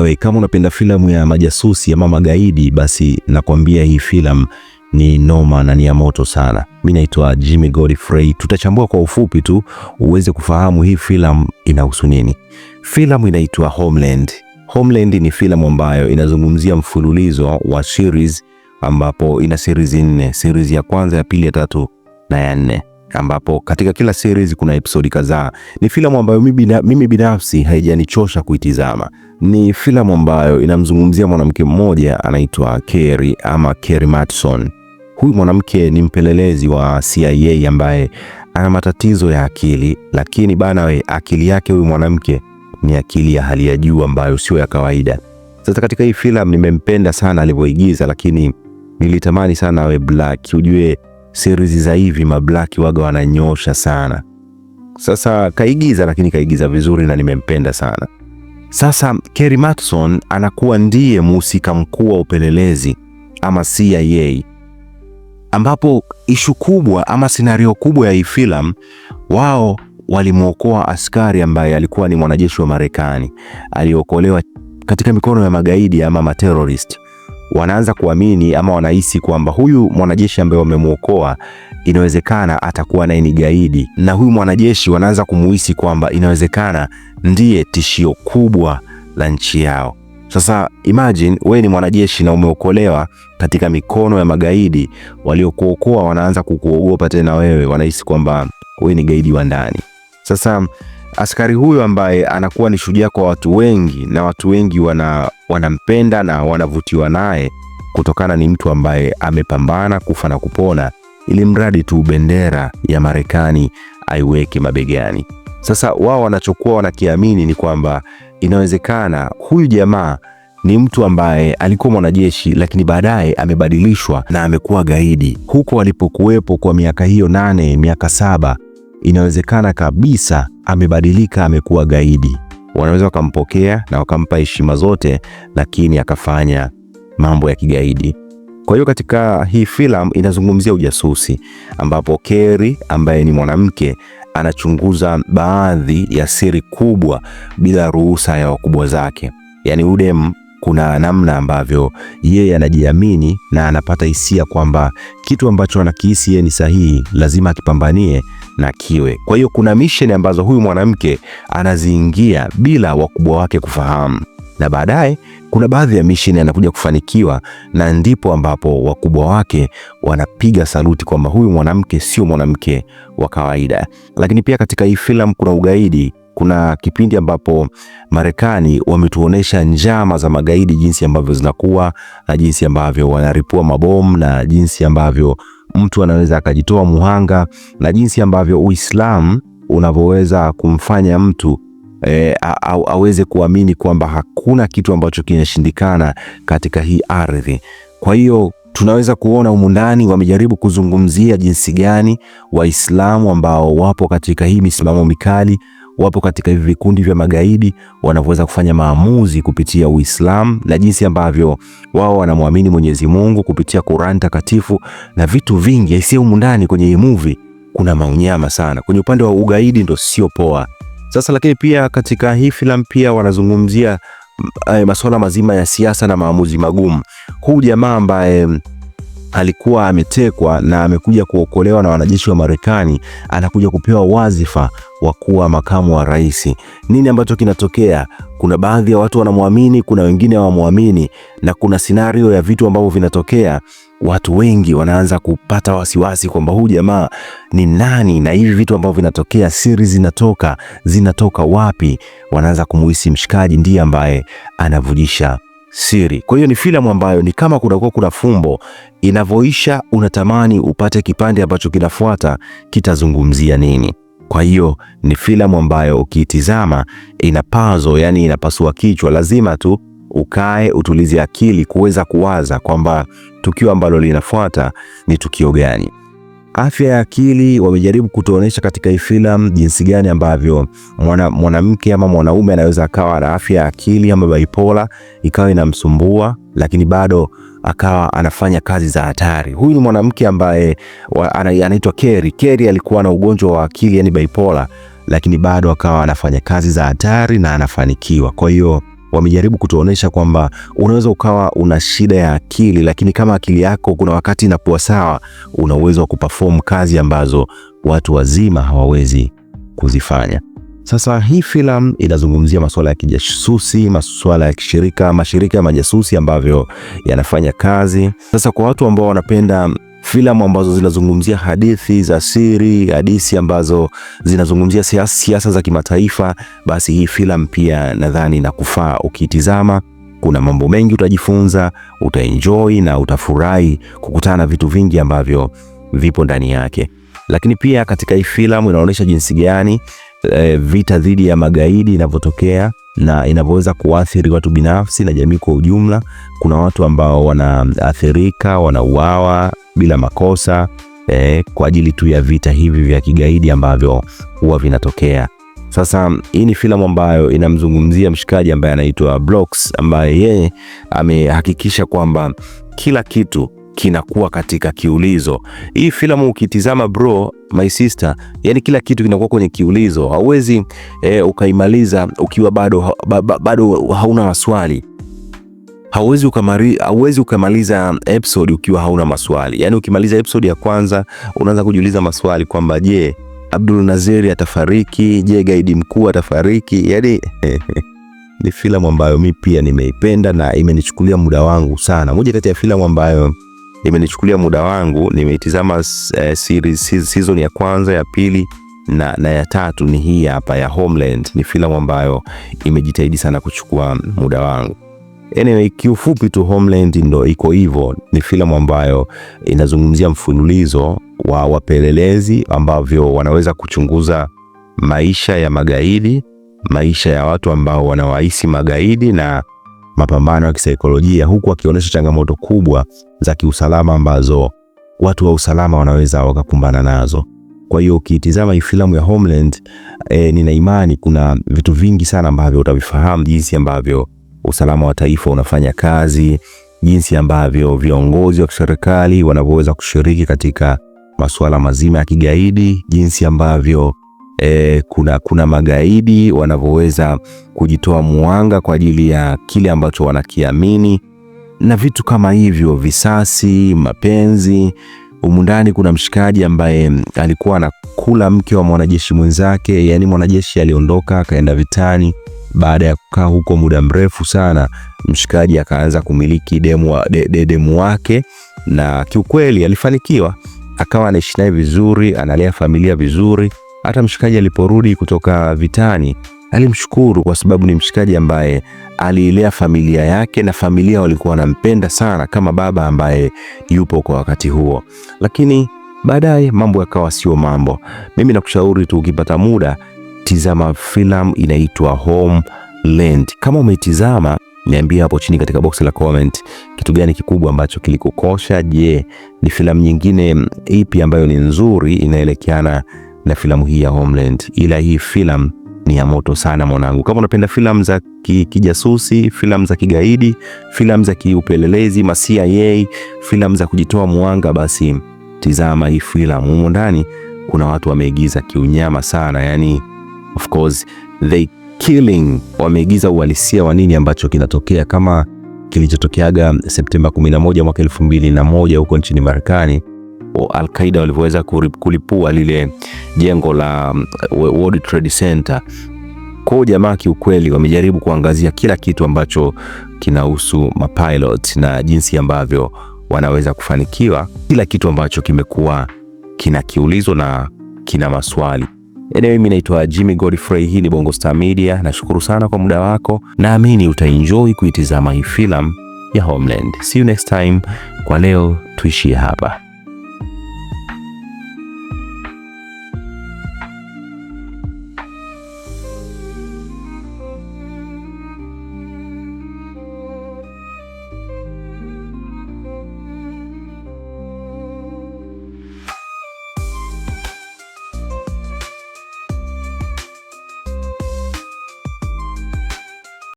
wewe kama unapenda filamu ya majasusi ama magaidi, basi nakwambia hii filamu ni noma na ni ya moto sana. Mimi naitwa Jimmy Godfrey, tutachambua kwa ufupi tu uweze kufahamu hii filamu inahusu nini. Filamu inaitwa Homeland. Homeland ni filamu ambayo inazungumzia mfululizo wa series ambapo ina series nne, series ya kwanza, ya pili, ya tatu na ya nne ambapo katika kila series kuna episodi kadhaa. Ni filamu ambayo mimi binafsi haijanichosha kuitizama. Ni filamu ambayo inamzungumzia mwanamke mmoja anaitwa Kerry ama Kerry Mattson. Huyu mwanamke ni mpelelezi wa CIA ambaye ana matatizo ya akili, lakini bana we, akili yake huyu mwanamke ni akili ya hali ya juu ambayo sio ya kawaida. Sasa katika hii filamu nimempenda sana alivyoigiza, lakini nilitamani sana awe black. Ujue series za hivi mablaki waga wananyosha sana. Sasa kaigiza, lakini kaigiza vizuri na nimempenda sana. Sasa Kerry Matheson anakuwa ndiye mhusika mkuu wa upelelezi ama CIA, ambapo ishu kubwa ama sinario kubwa ya hii filamu wao walimwokoa askari ambaye alikuwa ni mwanajeshi wa Marekani aliokolewa katika mikono ya magaidi ama materorist wanaanza kuamini ama wanahisi kwamba huyu mwanajeshi ambaye wamemwokoa inawezekana atakuwa naye ni gaidi, na huyu mwanajeshi wanaanza kumuhisi kwamba inawezekana ndiye tishio kubwa la nchi yao. Sasa imagine wewe ni mwanajeshi na umeokolewa katika mikono ya magaidi. Waliokuokoa wanaanza kukuogopa tena, wewe wanahisi kwamba wewe ni gaidi wa ndani. Sasa Askari huyo ambaye anakuwa ni shujaa kwa watu wengi na watu wengi wana, wanampenda na wanavutiwa naye kutokana ni mtu ambaye amepambana kufa na kupona ili mradi tu bendera ya Marekani aiweke mabegani. Sasa wao wanachokuwa wanakiamini ni kwamba inawezekana huyu jamaa ni mtu ambaye alikuwa mwanajeshi lakini baadaye amebadilishwa na amekuwa gaidi. Huko alipokuwepo kwa miaka hiyo nane, miaka saba, inawezekana kabisa amebadilika, amekuwa gaidi. Wanaweza wakampokea na wakampa heshima zote, lakini akafanya mambo ya kigaidi. Kwa hiyo katika hii filamu inazungumzia ujasusi, ambapo keri ambaye ni mwanamke anachunguza baadhi ya siri kubwa bila ruhusa ya wakubwa zake, yaani udem kuna namna ambavyo yeye anajiamini na anapata hisia kwamba kitu ambacho anakihisi yeye ni sahihi, lazima akipambanie na kiwe. Kwa hiyo kuna misheni ambazo huyu mwanamke anaziingia bila wakubwa wake kufahamu, na baadaye kuna baadhi ya misheni anakuja kufanikiwa, na ndipo ambapo wakubwa wake wanapiga saluti kwamba huyu mwanamke sio mwanamke wa kawaida. Lakini pia katika hii filamu kuna ugaidi kuna kipindi ambapo Marekani wametuonesha njama za magaidi, jinsi ambavyo zinakuwa na jinsi ambavyo wanaripua mabomu na jinsi ambavyo mtu anaweza akajitoa muhanga na jinsi ambavyo Uislamu unavyoweza kumfanya mtu e, aweze kuamini kwamba hakuna kitu ambacho kinashindikana katika hii ardhi. Kwa hiyo tunaweza kuona humu ndani wamejaribu kuzungumzia jinsi gani Waislamu ambao wapo katika hii misimamo mikali wapo katika hivi vikundi vya magaidi wanavyoweza kufanya maamuzi kupitia Uislamu na jinsi ambavyo wao wanamwamini Mwenyezi Mungu kupitia Qur'an takatifu na vitu vingi. Aisee, yaani humu ndani kwenye hii movie kuna maunyama sana kwenye upande wa ugaidi, ndo sio poa sasa. Lakini pia katika hii filamu pia wanazungumzia eh, masuala mazima ya siasa na maamuzi magumu. Huu jamaa ambaye alikuwa ametekwa na amekuja kuokolewa na wanajeshi wa Marekani, anakuja kupewa wazifa wa kuwa makamu wa rais. Nini ambacho kinatokea? Kuna baadhi ya watu wanamwamini, kuna wengine hawamwamini, na kuna sinario ya vitu ambavyo vinatokea. Watu wengi wanaanza kupata wasiwasi kwamba huyu jamaa ni nani, na hivi vitu ambavyo vinatokea, siri zinatoka, zinatoka wapi? Wanaanza kumuhisi mshikaji ndiye ambaye anavujisha siri. Kwa hiyo ni filamu ambayo ni kama kunakuwa kuna fumbo, inavyoisha unatamani upate kipande ambacho kinafuata kitazungumzia nini. Kwa hiyo ni filamu ambayo ukiitizama ina pazo, yani inapasua kichwa, lazima tu ukae utulize akili kuweza kuwaza kwamba tukio ambalo linafuata ni tukio gani afya ya akili. Wamejaribu kutuonesha katika hii filamu jinsi gani ambavyo mwanamke mwana ama mwanaume anaweza akawa na afya ya akili ama bipolar ikawa inamsumbua, lakini bado akawa anafanya kazi za hatari. Huyu ni mwanamke ambaye anaitwa Kerry. Kerry alikuwa na ugonjwa wa akili yani bipolar, lakini bado akawa anafanya kazi za hatari na anafanikiwa. Kwa hiyo wamejaribu kutuonesha kwamba unaweza ukawa una shida ya akili, lakini kama akili yako kuna wakati inakuwa sawa, una uwezo wa kuperform kazi ambazo watu wazima hawawezi kuzifanya. Sasa hii filamu inazungumzia masuala ya kijasusi, masuala ya kishirika, mashirika ya majasusi ambavyo yanafanya kazi. Sasa kwa watu ambao wanapenda filamu ambazo zinazungumzia hadithi za siri, hadithi ambazo zinazungumzia siasa za kimataifa, basi hii filamu pia nadhani na kufaa ukitizama kuna mambo mengi utajifunza, utaenjoy na utafurahi kukutana na vitu vingi ambavyo vipo ndani yake. Lakini pia katika hii filamu inaonyesha jinsi gani e, vita dhidi ya magaidi inavyotokea na inavyoweza kuathiri watu binafsi na jamii kwa ujumla. Kuna watu ambao wanaathirika, wanauawa bila makosa eh, kwa ajili tu ya vita hivi vya kigaidi ambavyo huwa vinatokea. Sasa hii ni filamu ambayo inamzungumzia mshikaji ambaye anaitwa Blocks ambaye yeye amehakikisha kwamba kila kitu kinakuwa katika kiulizo. Hii filamu ukitizama bro, my sister, yani kila kitu kinakuwa kwenye kiulizo. Hauwezi e, ukaimaliza ukiwa bado, ba, ba, bado hauna maswali hauwezi ukamari, hauwezi ukamaliza episode ukiwa hauna maswali. Yani ukimaliza episode ya kwanza unaanza kujiuliza maswali kwamba je, Abdul Naziri atafariki? Je, gaidi mkuu atafariki? Yani ni filamu ambayo mi pia nimeipenda na imenichukulia muda wangu sana, moja kati ya filamu ambayo imenichukulia muda wangu, nimeitizama eh, series season ya kwanza, ya pili na, na ya tatu ni hii hapa ya Homeland. Ni filamu ambayo imejitahidi sana kuchukua muda wangu. Anyway, kiufupi tu Homeland ndo iko hivyo. Ni filamu ambayo inazungumzia mfululizo wa wapelelezi ambavyo wanaweza kuchunguza maisha ya magaidi, maisha ya watu ambao wanawahisi magaidi na mapambano ya kisaikolojia, huku akionyesha changamoto kubwa za kiusalama ambazo watu wa usalama wanaweza wakakumbana nazo. Kwa hiyo ukitizama hii filamu ya Homeland e, nina imani kuna vitu vingi sana ambavyo utavifahamu, jinsi ambavyo usalama wa taifa unafanya kazi, jinsi ambavyo viongozi wa serikali wanavyoweza kushiriki katika masuala mazima ya kigaidi, jinsi ambavyo e, kuna, kuna magaidi wanavyoweza kujitoa mwanga kwa ajili ya kile ambacho wanakiamini na vitu kama hivyo, visasi, mapenzi. Humu ndani kuna mshikaji ambaye alikuwa anakula mke wa mwanajeshi mwenzake, yaani mwanajeshi aliondoka akaenda vitani. Baada ya kukaa huko muda mrefu sana, mshikaji akaanza kumiliki demu, wa, de, de, demu wake, na kiukweli alifanikiwa, akawa anaishi naye vizuri, analea familia vizuri. Hata mshikaji aliporudi kutoka vitani alimshukuru kwa sababu ni mshikaji ambaye aliilea familia yake na familia walikuwa wanampenda sana kama baba ambaye yupo kwa wakati huo. Lakini baadaye mambo yakawa sio mambo. Mimi nakushauri tu, ukipata muda tizama filamu inaitwa Homeland. Kama umeitizama niambia hapo chini katika box la comment kitu gani kikubwa ambacho kilikukosha. Je, ni filamu nyingine ipi ambayo ni nzuri inaelekeana na filamu hii ya Homeland, ila hii filamu ni ya moto sana mwanangu. Kama unapenda filamu za ki, kijasusi, filamu za kigaidi, filamu za kiupelelezi, ma CIA, filamu za kujitoa mwanga basi tizama hii filamu. Humo ndani kuna watu wameigiza kiunyama sana, yani of course they killing, wameigiza uhalisia wa nini ambacho kinatokea kama kilichotokeaga Septemba 11 mwaka 2001 huko nchini Marekani Al-Qaida walivyoweza kulipua lile jengo la mm, World Trade Center. Kwa jamaa, kiukweli wamejaribu kuangazia kila kitu ambacho kinahusu mapilot na jinsi ambavyo wanaweza kufanikiwa kila kitu ambacho kimekuwa kina kiulizo na kina maswali. Eneo mimi naitwa Jimmy Godfrey, hii ni Bongo Star Media. Nashukuru sana kwa muda wako, naamini utaenjoy kuitizama hii filamu ya Homeland. See you next time. Kwa leo tuishie hapa.